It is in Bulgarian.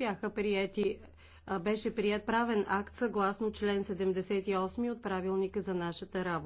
бяха приети, беше прият правен акт съгласно член 78 от правилника за нашата работа.